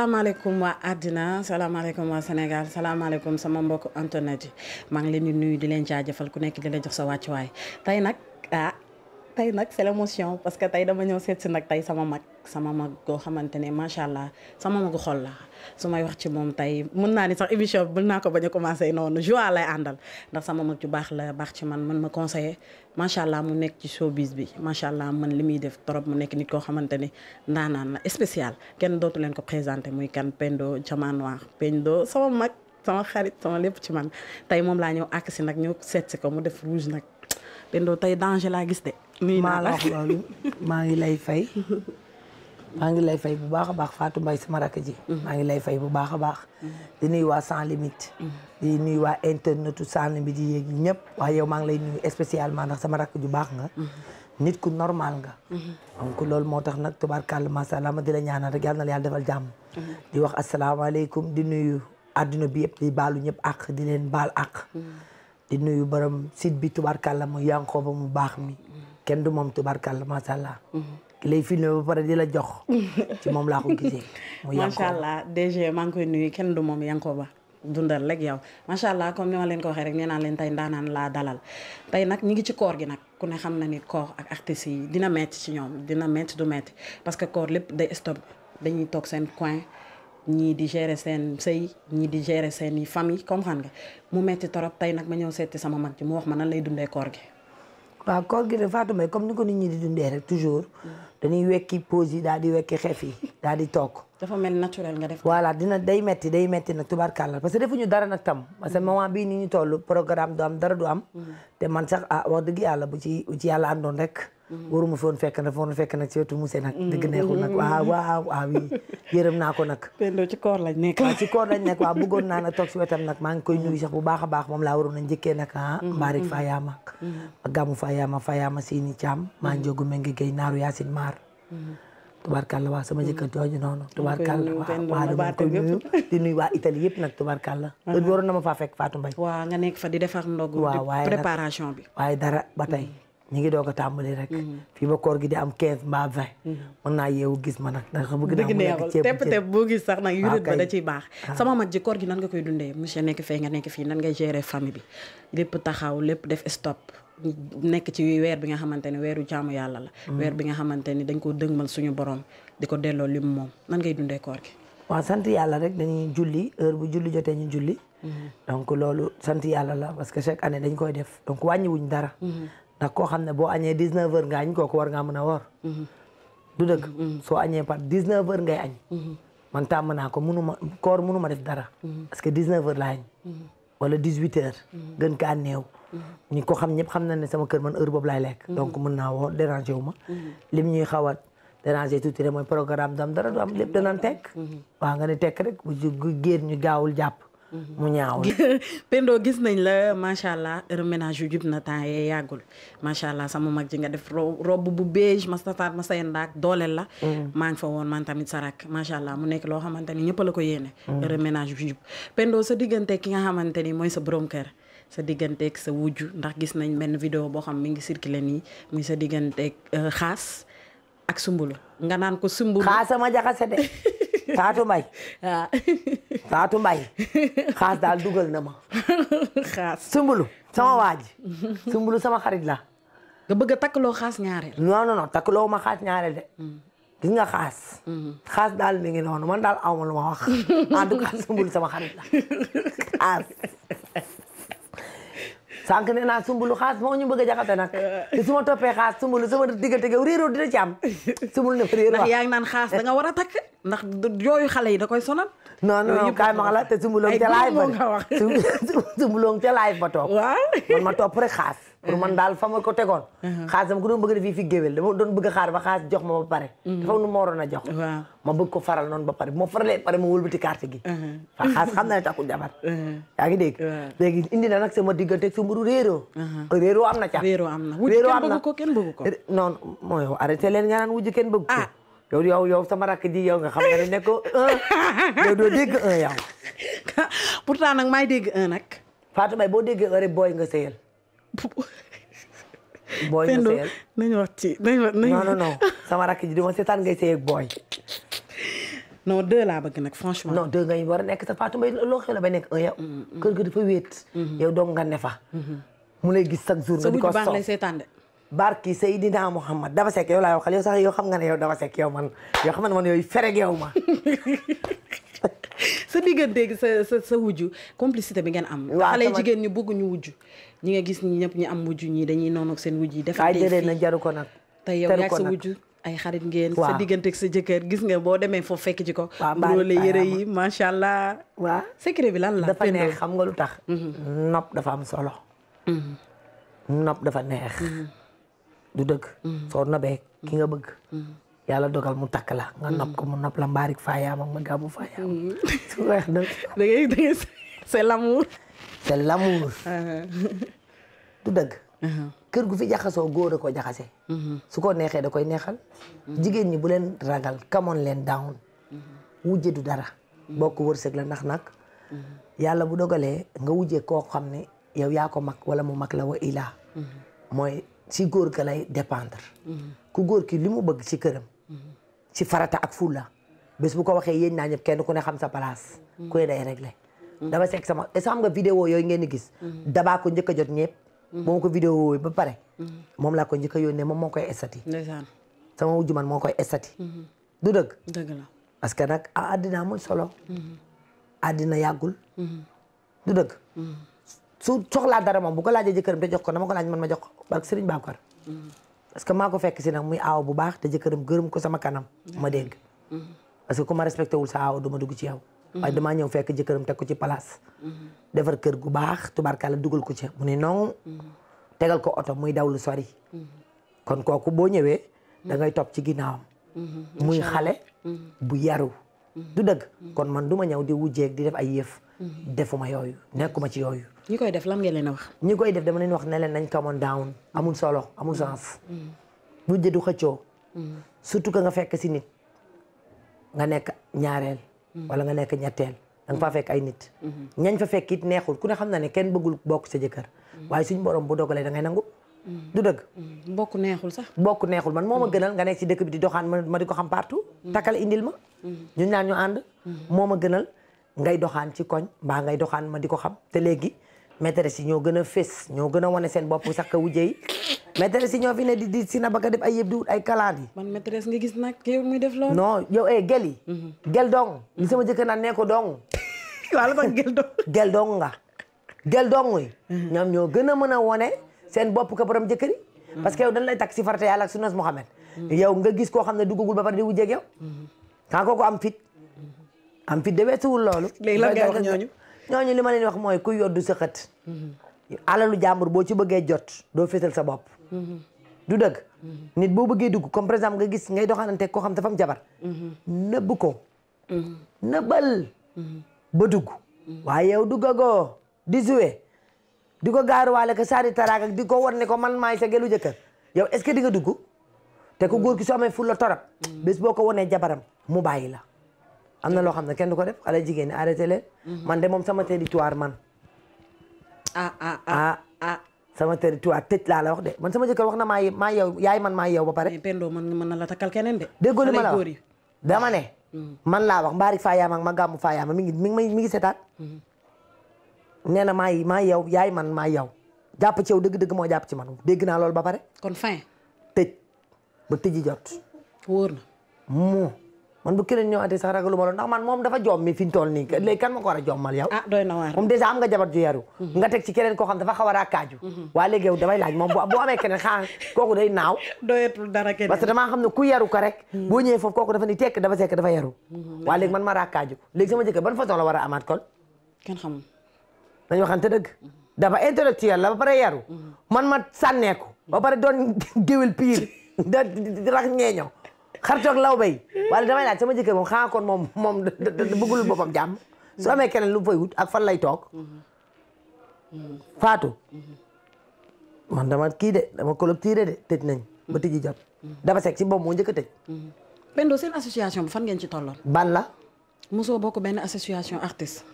salaamaaleykum waa àddina salaamaaleykum waa Sénégal salaamaaleykum sama mbokk internet yi maa ngi leen di nuyu di leen jëfal ku nekk di la jox sa wàccuwaay tey nag ah. tey nag c'est l'émotion parce que tey dama ñëw seet si nag tey sama mag sama mag goo xamante ne macha allah sama magu xol la su may wax ci moom tey mën naa ni sax émission mën naa ko bañ commencé noonu joie lay àndal ndax sama mag ju baax la baax ci man man ma conseillé macha allah mu nekk ci showbiz bi macha allah man li muy def trop mu nekk nit koo xamante ni ndaanaan la spécial kenn dootu leen ko présenté muy kan Pendo Diamant Noir Pendo sama mag sama xarit sama lépp ci man tey moom laa ñëw àkk nag ñëw seet si ko mu def rouge nag Pendo tey danger laa gis de. maa la wax loolu maa ngi lay fay maa ngi lay fay bu baax a baax Fatou Mbaye sama rakk ji mm-hmm. maa ngi lay fay bu baax a baax mm-hmm. di nuyu waa sans limite mm-hmm. di nuyu waa internetu sans limite yi yéegi ñëpp waaye yow maa ngi lay nuyu spécialement ndax sama rakk ju baax nga nit ku normal nga donc loolu moo tax nag tubaarkàlla masha Allah ma di la ñaanal rek yàlla na defal jàmm di wax asalaamaaleykum di nuyu adduna bi yëpp di baalu ñëpp ak di leen baal ak di nuyu borom site bi tubaarkàlla mu mu baax mi kenn du moom tubarkalla macha allah. ki mm-hmm. lay filmé ba pare di la jox. moom laa ko gisee. allah DG maa ngi koy nuyu kenn du moom ba dundal rek yow macha allah comme ni ma leen ko waxee rek nee leen tey ndaanaan laa dalal tey nag ñi ngi ci koor gi nag ku ne xam na ni koor ak artistes yi dina metti ci ñoom dina metti du metti parce que koor lépp day stop dañuy toog seen coin ñii di gérer seen sëy ñii di gérer seen i famille comprendre nga mu metti torop tey nag ma ñëw seeti sama mag ci mu wax ma nan lay dundee koor gi. waaw koor gi de Fatou Mbaye comme ni ko nit ñi di dundee rek toujours dañuy wekki pause yi daal di wekki xef yi daal di toog. dafa mel naturel nga def. voilà dina day metti day metti nag tubaarkàlla parce que defuñu dara nag tam. parce que moment bii ni ñu toll programme du am dara du mm-hmm. te man sax ah wax dëgg yàlla bu ci bu ci yàlla àndoon rek. Mm-hmm. waruma foon fekk nag foon fekk nag ci wetu mu see nag mm-hmm. dëgg neexul nag mm-hmm. waaw waaw waaw yërëm naa ko nag pendoo ci koor lañ nekk waaw ci bëggoon naa nag toog si wetam nag maa ngi koy nuyu sax bu baax baax moom laa waroon a njëkkee nag ah mbaarik fayaama ak gàmmu fayaama fayaama siini caam maa njogu me ngi géy naaru yaasin maar tubaarkàlla waa sama jëkkër jooju noonu tubaarkàlla waaw waaw dama ko nuyu di nuyu waa Italie yëpp nag tubaarkàlla heure ma faa fekk Fatou Mbaye waaw nga nekk fa di defar ndogu waaw waaye préparation bi waaye dara ba tey ñi ngi doog a tàmbali rek. Mhm. fii ba koor gi di am 15 mbaa 20. Mhm. mën naa yeewu gis ma nag ndax bëgg naa tepp tepp boo gis sax nag yurit ba da ciy baax. Ah. sama ji koor gi nan nga koy dundee monsieur nekk fee nga nekk fii nan ngay gérer famille bi lépp taxaw lépp def stop. nekk ci weer bi nga xamante ne weeru jaamu yàlla la. Mm. weer bi nga xamante ni dañ koo dëgmal suñu borom di ko delloo lim moom nan ngay dundee koor gi. waaw sant yàlla rek dañuy julli heure bu julli jotee ñu julli. Mhm. donc loolu sant yàlla la parce que chaque année dañ koy def donc wàññiwuñ dara. ndax koo xam ne boo añee 19 heures nga añ kooku war ngaa mën a woor. Mhm. du dëgg. Mhm. Mhm. soo añee par 19 heures ngay añ. man tàmm naa ko mënu ma koor mënu def dara. parce que 19 heures laa añ. wala 18 heures. gën kaa néew. ñi ko xam ñëpp xam na ne sama kër man heure boobu laay lekk. donc mën naa woo déranger wu ma. lim ñuy xawat déranger tuuti rek mooy programme dam dara du am lépp danaan tekk. waaw nga ne tekk rek bu géer ñu gaawul jàpp. mu ñaaw Pendo gis nañ la macha allah reménage yu jub na temps yee yàggul macha allah sama mag ji nga def robb bu beige ma sa tataar ma say ndaak dooleel la. Mm. maa ngi fa woon man tamit sa sarak macha allah mu nekk loo xamante ni ñëpp la ko yéene. Mm. reménage yu jub Pendo sa diggante ki xamante ni mooy sa borom kër. sa digganteeg sa wujju ndax gis nañ benn vidéo boo xam mu ngi circulé nii muy sa digganteeg euh, xaas ak sumbulu nga naan ko sumbulu. xaas sama jaxase de. taatu mbay waaw ah. taatu mbay xaas daal dugal na ma sumbulu sama waaj sumbulu sama xarit la nga bëgg a takkaloo xaas ñaareel non non non takkaloo ma xaas ñaareel de gis nga xaas mm-hmm. xaas daal mi ngi noonu man daal aw ma lu ma wax en sumbulu sama xarit la xaas sànq nee naa sumbulu xaas moo ñu bëgg a jaxase nag te su ma toppee xaas sumbulu sama diggante ga réeroo dina ci am sumbulu ne fa réeroo ndax yaa ngi naan xaas da nga war a takk ndax yooyu xale yi da koy sonal non non kaay ma la te sumbulong ca laay ba sumbulong ca laay ba toog man ma topp rek xaas pour man uh-huh. daal fa ma ko tegoon uh-huh. xaas dama ko doon bëgg def fi géwél dama doon bëgg xaar ba xaas jox ma ba pare mm-hmm. dafa nu ma waroon a jox ma bëgg ko faral noonu ba pare ma faralee pare ma wëlbati carte gi uh-huh. fa xaas xam na ne takku jabar yaa ngi dégg léegi indi na nag sama diggante ak sumburu réeroo réeroo am na ca réeroo am na réeroo am na kenn bëgg ko kenn bëgg ko non mooy arrêté leen nga naan wujj kenn bëgg ko ah. yow yow yow sama rakk yow nga xam nga ne nekk un euh, yow doo dégg un yow. pourtant nag maay dégg un nag. boo déggee un rek booy nga sëyal. booy nga sëyal nañu wax ci nañu wax non non non sama rakk ji du ma seetaan ngay sëyeeg booy. non deux laa bëgg nag franchement. non deux war nekk sa Fatou ba nekk un yow. Mm-hmm. kër gi dafa wéet. Mm-hmm. nga ne fa. Mm-hmm. mu lay gis chaque jour nga di ko soxla barki Seydina Muhammad Daba Seck yow laa yow xal yow sax yow xam nga ne yow Daba Seck yow man yow xam nga ne man yooyu fereg yow ma sa digganteeg sa wujju complicité bi ngeen am xale jigéen ñu bëgg ñu wujju ñi nga gis ñi ñëpp ñu am wujju ñi dañuy noonu seen wujj yi dafa déedéet na jaru ko nag tey yow yaag sa wujju ay xarit ngeen sa digganteeg sa jëkkër gis nga boo demee foofu fekk ci ko loolu yëre yi macha allah waaw secret bi lan la dafa neex xam nga lu tax mm-hmm. nopp dafa am solo mm-hmm. nopp dafa neex mm-hmm. du dëgg soo nobee ki nga bëgg yàlla dogal mu takk la nga nopp ko mu nopp la mbaarik faayaam ak ma gàmmu faayaam su weex da ngay da ngay c'est l'amour c'est l'amour uh-huh. du dëgg uh-huh. kër gu fi jaxasoo góor a ko jaxase mm-hmm. su ko neexee da koy neexal mm-hmm. jigéen ñi bu leen ragal kamoon leen down mm-hmm. wujje du dara bokk wërsëg la ndax nag yàlla bu dogalee nga wujje koo xam ne yow yaa ko mag wala mu mag la wa ilaa si góor ga lay dépendre ku góor ki li mu bëgg ci këram si farata ak fulla bés bu ko waxee yéen naa ñëpp kenn ku ne xam sa place ku ne day dama sekk sama est-ce yooyu ngeen di gis dabaa ko njëkk a jot ñëpp moom ko vidéo yooyu ba pare moom laa ko njëkk a yónnee moom moo koy estati sama wujju man moo koy estati mhm. du dëgg parce que nag addina amul solo mhm. àddina yàggul mhm. du dëgg su soxlaa dara moom bu ko laajee jëkkëram te jox ko na ma ko laaj man ma jox ko barke Serigne Babacar parce que maa ko fekk si nag muy aaw bu baax te jëkkëram gërëm ko sama kanam ma dégg parce que ku ma respecté wul sa aaw du ma dugg ci yow waaye damaa ñëw fekk jëkkëram teg ko ci place defar kër gu baax tubaarkàlla dugal ko ci mu ne non tegal ko oto muy daw lu sori kon kooku boo ñëwee da ngay topp ci ginnaawam muy xale bu yaru du dëgg mm-hmm. kon man du ma ñëw di wujjeeg di ay yëf mm-hmm. defuma yooyu nekkuma ci yooyu ñi koy def lan ngeen leen wax. ñi koy def dama leen wax ne leen nañ come on down amul solo amul mm. sens. bu mm. jëdu xëccoo. Mm. surtout que nga fekk si nit nga nekk ñaareel. wala nga nekk ñetteel. da nga faa fekk ay nit. Mm-hmm. ñañ fa fekk it neexul ku ne xam na ne kenn bëggul bokk sa jëkkër. waaye suñ borom bu dogalee dangay nangu. du dëkk bokk neexul sax. bokk neexul man moom ma gënal nga nekk si dëkk bi di doxaan ma di ko xam partout. takkal indil ma. ñun ñaan ñu ànd. moom ma gënal ngay doxaan ci koñ mbaa ngay doxaan ma di ko xam te léegi. maîtresse yi ñoo gën a fés ñoo gën a wane seen bopp sax ka wujjee maîtresse si ñoo fi ne di di si na ba ka def ay yëpp di wut ay kalaat yi. man maîtresse nga gis nag yow muy def loolu. non yow eh gel yi. Mhm. gel dong li sama naan nee ko dong. wala ba gel dong. gel nga gel dong yi. Mhm. ñoom ñoo gën a mën a wane seen bopp ka borom jëkkër yi. Mhm. parce que yow dañ lay takk si farata yàlla ak sunnas Muhammad. yow nga gis koo xam ne duggagul ba pare di wujjee ak yow. kaa kooku am fit. am fit de loolu. léegi lan ngay wax ñooñu ñooñu li ma leen wax mooy ku yoddu sa xët alalu jàmbur boo ci bëggee jot doo féetal sa bopp du dëgg nit boo bëggee dugg comme par nga gis ngay doxaanante ko xam dafa am jabar nëbb ko nëbbal ba dugg waaye yow duggagoo di joué di ko gaaruwaale ko saari taraak ak di ko war ne ko man maay sa gelu jëkkër yow est-ce que di ko dugg te ko góor ki soo amee ful torop bés boo ko wonee jabaram mu bàyyi la am na loo xam ne kenn du ko def xale jigéen ñi arrêté leen. Mhm. man de moom sama territoire man. ah ah ah ah. ah. sama tëj laa la wax de man sama jëkkër wax na maa maa yow yaay man maa yow ba pare. mais Pendo man mën na la takkal keneen de. déggoo li ma la wax mhm. man laa wax mbaarik faayaama ak ma gàmmu faayaama mi ngi mi ngi mi ngi seetaat. Mhm. nee na maa maa yow yaay man maa yow. jàpp ci yow dëgg-dëgg moo jàpp ci man dégg a loolu ba pare. kon fin. tëj ba tëji jot. wóor man bu keneen ñëwaatee sax ragalu ma loolu man moom dafa joom mi fi ñu toll nii mm-hmm. léegi kan ma ko war a jommal yow ah doy na waar am nga jabar ju yaru mm-hmm. nga teg ci keneen a mm-hmm. xam ne ku yaru ko rek boo ñëwee foofu kooku dafa ni tekk dafa sekk dafa yaru waa léegi man ma raakaaju léegi sama jëkkër ban façon la war a amaat kon kenn xamul dañu waxante dëgg dafa intellectuel ba pare yaru man ma sànneeku ba pare doon géwél piir da rax ñeeñaw xaritoog law bay wala damay laaj sama jëkkër moom xanaa kon moom moom bëggul boppam jàmm su amee keneen lu fay wut ak fan lay toog faatu man dama kii de dama collecté de tëj nañ ba tëji jot dama seeg si boobu moo njëkk a tëj Pendo association bi fan ngeen ci tolloon ban la mosoo bokk benn association artiste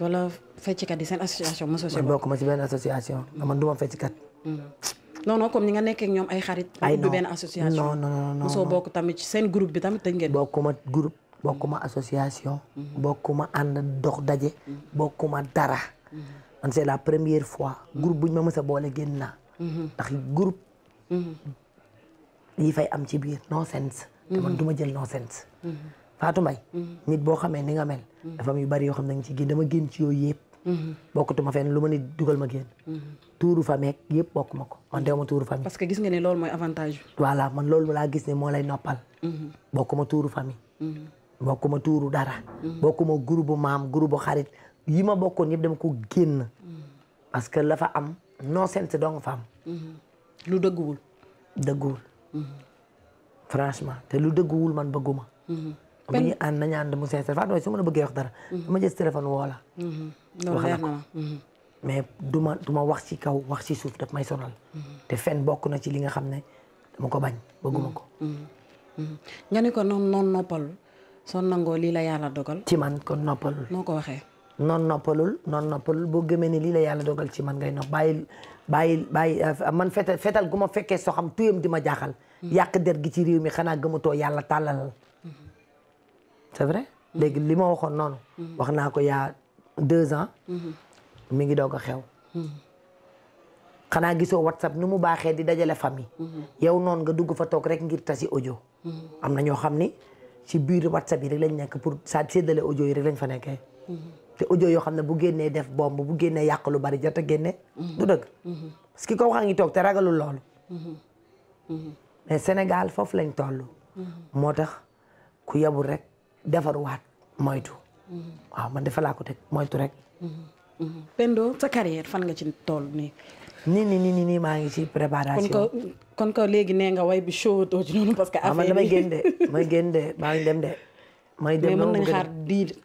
wala feccikat yi seen association mosoo si bokk ma ci benn association man du ma feccikat mm-hmm. non non comme ni nga nekkee ak ñoom ay xarit. ay non benn association. non non non mosoo bokk tamit ci seen groupe bi tamit dañ ngeen. bokkuma groupe bokkuma association. Mhm. bokkuma ànd dox daje. Mhm. bokkuma dara. Mhm. man c'est la première fois. groupe buñ ma mës a boole génn naa. ndax groupe. yi fay am ci biir non sense. te man du ma jël non sense. Fatou Mbaye. nit boo xamee ni nga mel. dafa am yu bari yoo xam ne da nga ci génn dama génn ci yooyu yëpp. bokkutuma fenn lu ma ni dugal ma génn. tuuru fa meeg yëpp ma ko man dew ma tuuru famille. parce que gis nga ne loolu mooy avantage voilà man loolu laa gis ne moo lay noppal. Mhm. bokkuma tuuru famille. Mhm. bokkuma tuuru dara. Mhm. bokkuma groupe maam groupe xarit yi ma bokkoon yëpp dama ko génn. parce que la fa am non sens dong fa am. lu dëgguwul. franchement te lu dëgguwul man bëgguma. bu ñu ànd nañu ànd mu sincère Fatou su ma la dara. dama jël wax na mhm. mais du ma du ma wax ci kaw wax ci suuf daf may sonal mhm. te fen bokk na ci li nga xam ne dama ko bañ bëgguma mhm. ko nga ni ko noon noon noppalul soo nangoo lii la yàlla dogal ci man kon noppalul noo ko waxee noon noppalul noon noppalul boo gëmee ne lii la yàlla dogal ci man ngay nopp bàyyil bàyyil bàyyi euh, man fetal fetal gu ma fekkee soxam xam tuyam di ma jaaxal yàq der gi ci réew mi xanaa gëmatoo yàlla tàllal c'est vrai léegi li ma waxoon noonu wax naa ko yaa deux ans. Mhm. mi ngi doog a xew. Mhm. xanaa gisoo whatsapp nu mu baaxee di dajale famille. Mhm. yow noonu nga dugg fa toog rek ngir tasi audio. am na ñoo xam ni ci biir whatsapp yi rek lañ nekk pour saa séddale audio yi rek lañ fa nekkee. te ojo yoo xam ne bu génnee def bomb bu génnee yàq lu bari jot a génne. du dëgg. parce que koo xam ngi toog te ragalu loolu. mais Sénégal foofu lañ toll. moo tax ku yabul rek defaruwaat moytu. Mm-hmm. waaw man defe laa ko teg moytu rek. Mm-hmm. Pendo sa carrière fan nga ci tool nii. nii nii nii nii maa ngi ci préparation. kon ko kon léegi nee nga way bi show too ci noonu parce que. Ah, affaire yi man damay génn de may maa ngi dem de. may dem mais mën nañu xaar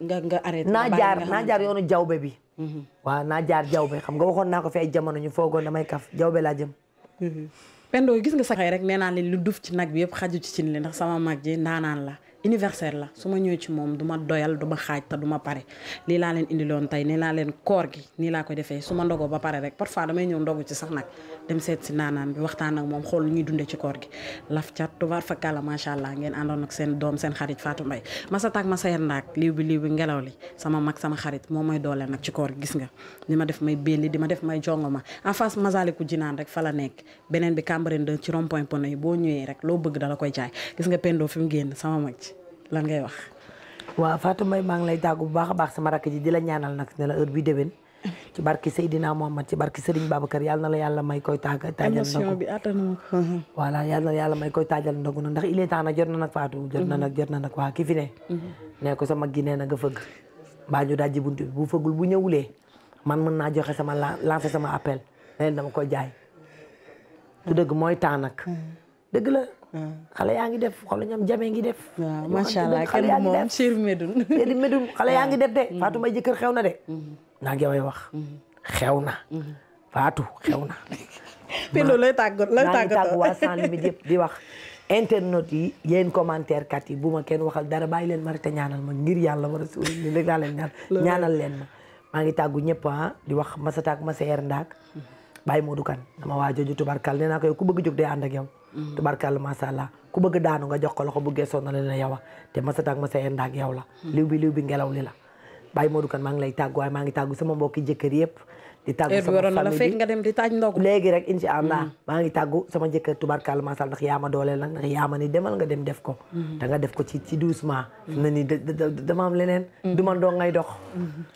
nga nga arrêté. naa jaar naa jaar yoonu jawbe bi. Mm-hmm. waaw naa jaar jawbe xam nga waxoon naa ko fi ay jamono ñu foogoon damay kaf jawbe laa jëm. Pendo gis nga sa rek nee naa leen lu duf ci nag bi yëpp xaju ci cin li ndax sama mag ji ndaanaan la. universel la su ma ñëwee ci moom du ma doyal du ma xaaj te du ma pare lii laa leen indiloon tey nii laa leen koor gi nii laa ko defee su ma ndogoo ba pare rek parfois damay ñëw ndogu ci sax nag dem seet si naan bi waxtaan ak moom xool lu ñuy dundee ci koor gi laf cat tubaar fa kàlla macha allah ngeen àndoon ak seen doom seen xarit Fatou Mbaye masa tak masa yer ndaak liw bi liw bi ngelaw li sama mag sama xarit moom mooy doole nag ci koor gi gis nga di ma def may belli di ma def may jongo ma en face Masaliku Jinaan rek fa la nekk beneen bi Cambérène ci rond-point Poney boo ñëwee rek loo bëgg dala koy jaay gis nga Pendo fi mu génn sama mag ci lan ngay wax. waaw Fatou Mbaye maa ngi lay tàggu bu baax a baax sama rakk ji di la ñaanal nag ne la heure bi déwén. ci barki Seydina Mohamed ci barki Serigne Babacar yàlla na la yàlla may koy tàgg taajal ndogu émission bi attan ko. voilà yàlla na yàlla may koy taajal ndogu ndax il est temps nag jot na nag Fatou. jot na mhm. nag jot na nag waa ki fi ne. Mhm. ko sama ginee na nga fëgg. mbaa ñu daal ji buntu bu fëggul bu ñëwulee man mën naa joxe sama lancé sama appel ne leen dama koy jaay. Mhm. du dëgg mooy temps Ah. xale yaa ngi def xool ñam jamee ngi def. Ah, macha allah kenn du moom Cheikh Medoune. Cheikh Medoune xale yaa ngi def de. Mm-hmm. Fatou may jëkkër xew na de. Mm-hmm. naa ngi way wax. Mm-hmm. xew na. Fatou xew na. loolu lay tàggat lay tàggat naa ngi tàgg waa sans yëpp di wax. internet yi yéen commentaire kat yi bu ma kenn waxal dara bàyyi leen ma rek ñaanal ma ngir yàlla ma a suul li rek leen ñaanal leen ma. maa ngi tàggu ñëpp ah di wax Masata ak Massa ndaak bàyyi Modou ma dama waa jooju tubarkal nee naa ko yow ku bëgg jóg day ànd ak yow mm-hmm. tubarkal masha Allah ku bëgg daanu nga jox ko loxo bu geesoon na te ne yow a te masataak masa en ak yow la mm-hmm. liw bi liw bi ngelaw li la bàyyi Modou Kane maa ngi lay tàggu waaye maa ngi tàggu sama mbokki jëkkër yëpp di tàggu sama famille bi nga dem di taaj ndogu léegi rek incha allah mm-hmm. maa ngi tàggu sama jëkkër tubarkalla masal ndax yaa ma dooleel nag ndax yaa ma ni demal nga dem def ko mm-hmm. da def ko ci ci doucement mm-hmm. na ni dama am leneen du doo ngay dox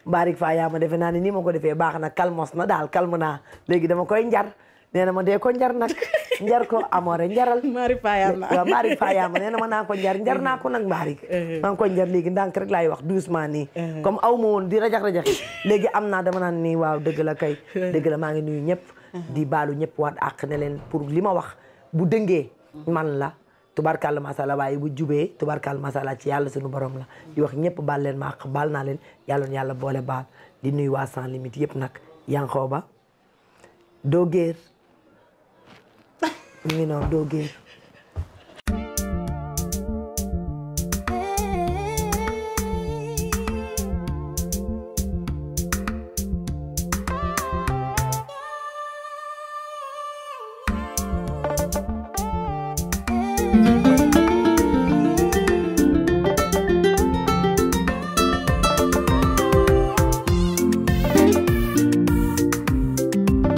mbaarik faa yaa defe naa ni nii ma ko defee baax na kalmos na daal kalm naa léegi dama koy njar nee na ma dee ko njar nag njar ko amoore njaral mari fayama waaw mari fayama nee ma naa ko njar njar naa ko nag mbaari maa ngi ko njar léegi ndànk rek laay wax doucement nii comme aw ma woon di rajax-rajax léegi am na dama naan nii waaw dëgg la kay dëgg la maa ngi nuyu ñëpp di baalu ñëpp waat àq ne leen pour li ma wax bu dëngee man la tubarkalla masala waaye bu jubee tubarkalla masala ci yàlla sunu borom la di wax ñëpp baal leen ma àq baal naa yàlla yàlla boole baal di nuyu waa sans limite yëpp nag yanqoo ba doo mu ngi noonu doo génn